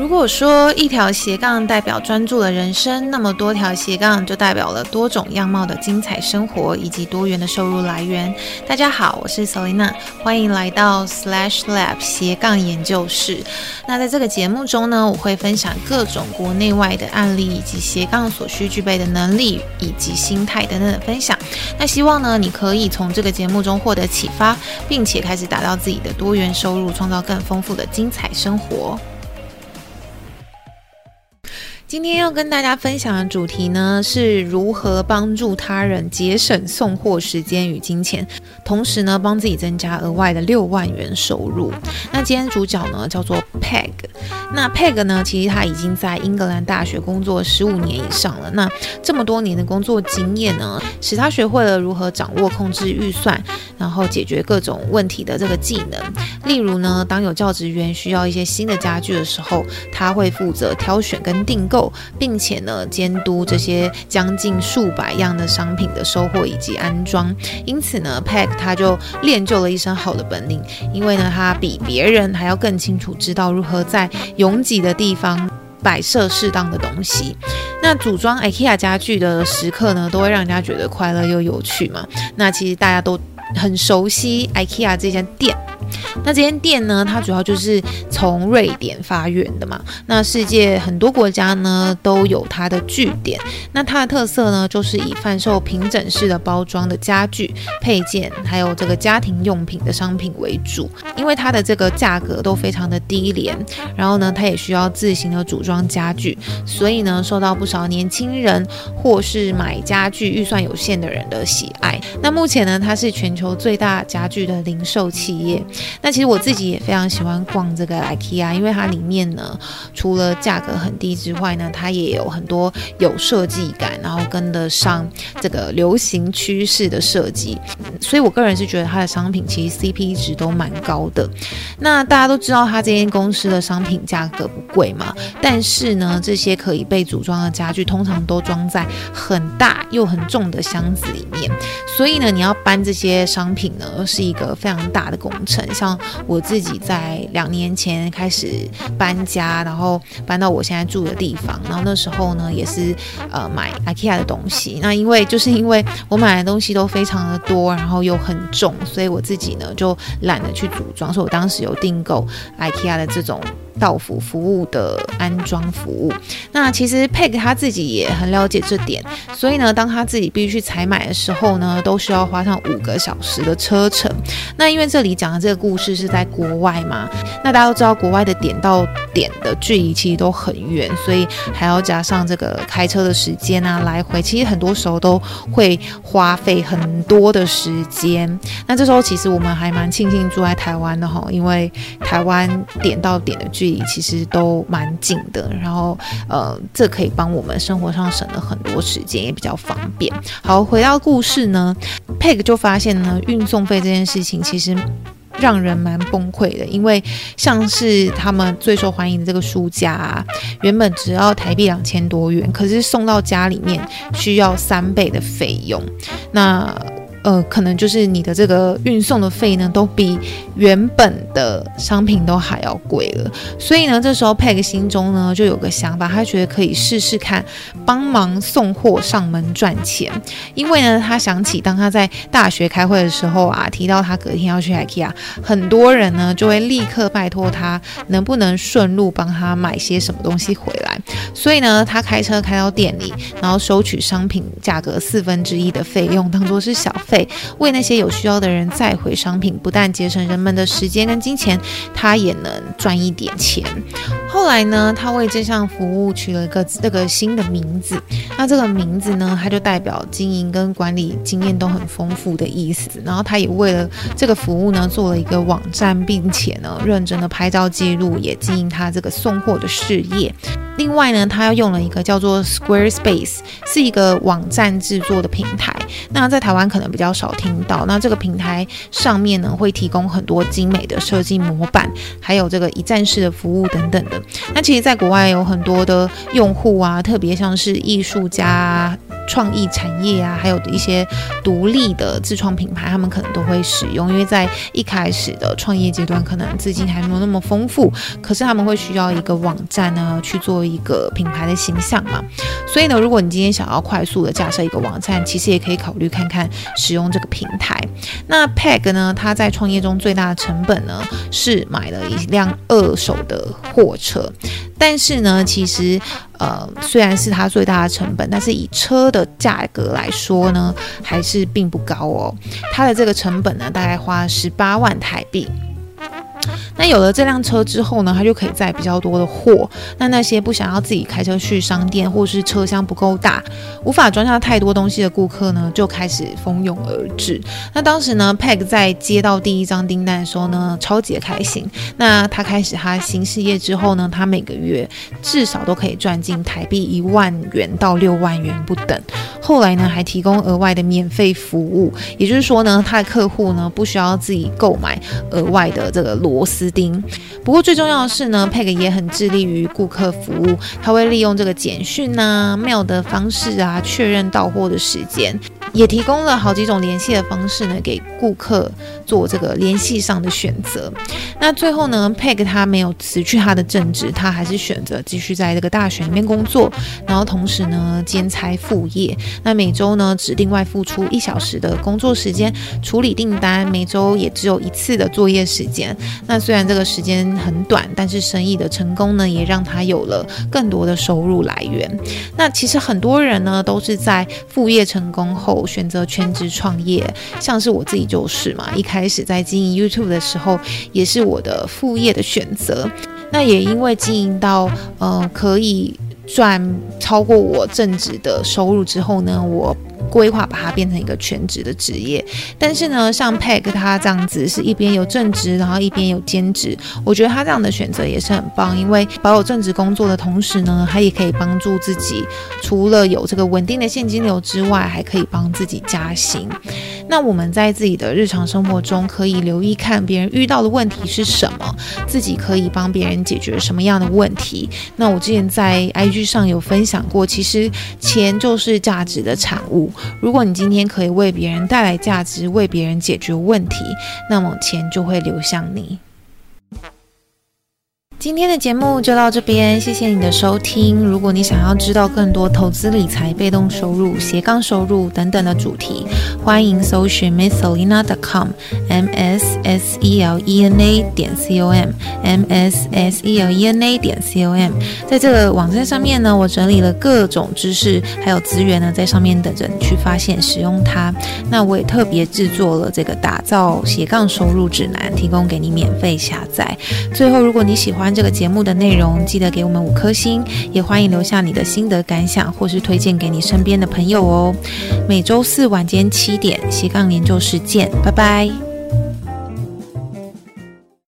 如果說一條斜槓代表專注的人生，那麼多條斜槓就代表了多種樣貌的精彩生活以及多元的收入來源。大家好，我是 Selina，歡迎來到 Slash Lab 斜槓研究室。那在這個節目中呢，我會分享各種國內外的案例，以及斜槓所需具備的能力以及心態等等的分享。那希望呢，你可以從這個節目中獲得啟發，並且開始打造自己的多元收入，創造更豐富的精彩生活。今天要跟大家分享的主題呢，是如何幫助他人節省送貨時間與金錢，同時呢，幫自己增加額外的六萬元收入。那今天主角呢，叫做 Peg。那 Peg 呢，其實他已經在英格蘭大學工作十五年以上了。那這麼多年的工作經驗呢，使他學會了如何掌握、控制預算，然後解決各種問題的這個技能。例如呢，當有教職員需要一些新的家具的時候，他會負責挑選跟訂購。並且呢，監督這些將近數百樣的商品的收貨以及安裝，因此呢，Peg 他就練就了一身好的本領，因為呢，他比別人還要更清楚知道如何在擁擠的地方擺設適當的東西。那組裝 IKEA 家具的時刻呢，都會讓人家覺得快樂又有趣嘛。那其實大家都很熟悉 IKEA 這間店。那這間店呢，它主要就是從瑞典發源的嘛。那世界很多國家呢都有它的據點。那它的特色呢，就是以販售平整式的包裝的家具配件，還有這個家庭用品的商品為主。因為它的這個價格都非常的低廉，然後呢，它也需要自行的組裝家具，所以呢，受到不少年輕人或是買家具預算有限的人的喜愛。那目前呢，它是全球最大家具的零售企業。那其實我自己也非常喜歡逛這個 IKEA，因為它裡面呢，除了價格很低之外呢，它也有很多有設計感，然後跟得上這個流行趨勢的設計。所以我個人是覺得它的商品其實 CP 值都蠻高的。那大家都知道它這間公司的商品價格不貴嘛，但是呢，這些可以被組裝的家具通常都裝在很大又很重的箱子裡面，所以呢，你要搬這些商品呢，是一個非常大的工程。像我自己在兩年前開始搬家，然後搬到我現在住的地方，然後那時候呢也是呃買 IKEA 的東西。那因為就是因為我買的東西都非常的多，然後又很重，所以我自己呢就懶得去組裝，所以我當時有訂購 IKEA 的這種。到府服務的安裝服務，那其實 Peg 他自己也很了解這點，所以呢，當他自己必須去採買的時候呢，都需要花上五個小時的車程。那因為這裡講的這個故事是在國外嘛，那大家都知道國外的點到點的距離其實都很遠，所以還要加上這個開車的時間啊，來回其實很多時候都會花費很多的時間。那這時候其實我們還蠻慶幸住在台灣的吼，因為台灣點到點的距距離其實都蠻近的，然後呃，這可以幫我們生活上省了很多時間，也比較方便。好，回到故事呢，Peg 就發現呢，運送費這件事情其實讓人蠻崩潰的，因為像是他們最受歡迎的這個書架啊，原本只要台幣兩千多元，可是送到家裡面需要三倍的費用，那。呃，可能就是你的這個運送的費呢，都比原本的商品都還要貴了。所以呢，這時候 Peg 心中呢就有個想法，他覺得可以試試看幫忙送貨上門賺錢。因為呢，他想起當他在大學開會的時候啊，提到他隔天要去 IKEA，很多人呢就會立刻拜托他能不能順路幫他買些什麼東西回來。所以呢，他開車開到店裡，然後收取商品價格四分之一的費用，當做是小費。費為那些有需要的人載回商品，不但節省人們的時間跟金錢，他也能賺一點錢。後來呢，他為這項服務取了一個這個新的名字。那這個名字呢，它就代表經營跟管理經驗都很豐富的意思。然後他也為了這個服務呢，做了一個網站，並且呢，認真的拍照記錄，也經營他這個送貨的事業。另外呢，他要用了一個叫做 Squarespace，是一個網站製作的平台。那在台灣可能比較少聽到。那這個平台上面呢，會提供很多精美的設計模板，還有這個一站式的服務等等的。那其實，在國外有很多的用戶啊，特別像是藝術家啊。創意產業啊，還有一些獨立的自創品牌，他們可能都會使用，因為在一開始的創業階段，可能資金還沒有那麼豐富，可是他們會需要一個網站呢，去做一個品牌的形象嘛。所以呢，如果你今天想要快速的架設一個網站，其實也可以考慮看看使用這個平台。那 Peg 呢，他在創業中最大的成本呢，是買了一輛二手的貨車。但是呢，其實，呃，雖然是它最大的成本，但是以車的價格來說呢，還是並不高哦。它的這個成本呢，大概花十八萬台幣。那有了這輛車之後呢，他就可以載比較多的貨。那那些不想要自己開車去商店，或是車廂不夠大，無法裝下太多東西的顧客呢，就開始蜂擁而至。那當時呢，Peg 在接到第一張訂單的時候呢，超級的開心。那他開始他新事業之後呢，他每個月至少都可以賺進台幣一萬元到六萬元不等。後來呢，還提供額外的免費服務，也就是說呢，他的客戶呢，不需要自己購買額外的這個螺絲。釘，不過最重要的是呢，Peg 也很致力於顧客服務，他會利用這個簡訊啊、mail 的方式啊，確認到貨的時間。也提供了好幾種聯繫的方式呢，給顧客做這個聯繫上的選擇。那最後呢，Peg 他沒有辭去他的正職，他還是選擇繼續在這個大學裡面工作，然後同時呢兼差副業。那每周呢只另外付出一小時的工作時間處理訂單，每周也只有一次的作業時間。那雖然這個時間很短，但是生意的成功呢也讓他有了更多的收入來源。那其實很多人呢都是在副業成功後，選擇全職創業，像是我自己就是嘛。一開始在經營 YouTube 的時候，也是我的副業的選擇。那也因為經營到嗯、呃，可以賺超過我正職的收入之後呢，我，規劃把它變成一個全職的職業，但是呢，像 Peg 他這樣子，是一邊有正職，然後一邊有兼職。我覺得他這樣的選擇也是很棒，因為保有正職工作的同時呢，他也可以幫助自己，除了有這個穩定的現金流之外，還可以幫自己加薪。那我們在自己的日常生活中，可以留意看別人遇到的問題是什麼，自己可以幫別人解決什麼樣的問題。那我之前在 IG 上有分享過，其實錢就是價值的產物。如果你今天可以為別人帶來價值，為別人解決問題，那麼錢就會流向你。今天的節目就到這邊，謝謝你的收聽。如果你想要知道更多投資理財、被動收入、斜槓收入等等的主題，歡迎搜尋 MsSelena.com，M S S E L E N A 點 C O M，M S S E L E N A 點 C O M。在這個網站上面呢，我整理了各種知識，還有資源呢，在上面等着你去發現、使用它。那我也特別制作了這個打造斜槓收入指南，提供給你免費下載。最後，如果你喜歡，這個節目的內容，記得給我們五顆星，也歡迎留下你的心得感想，或是推薦給你身邊的朋友哦。每周四晚間七點，斜槓研究室見，拜拜。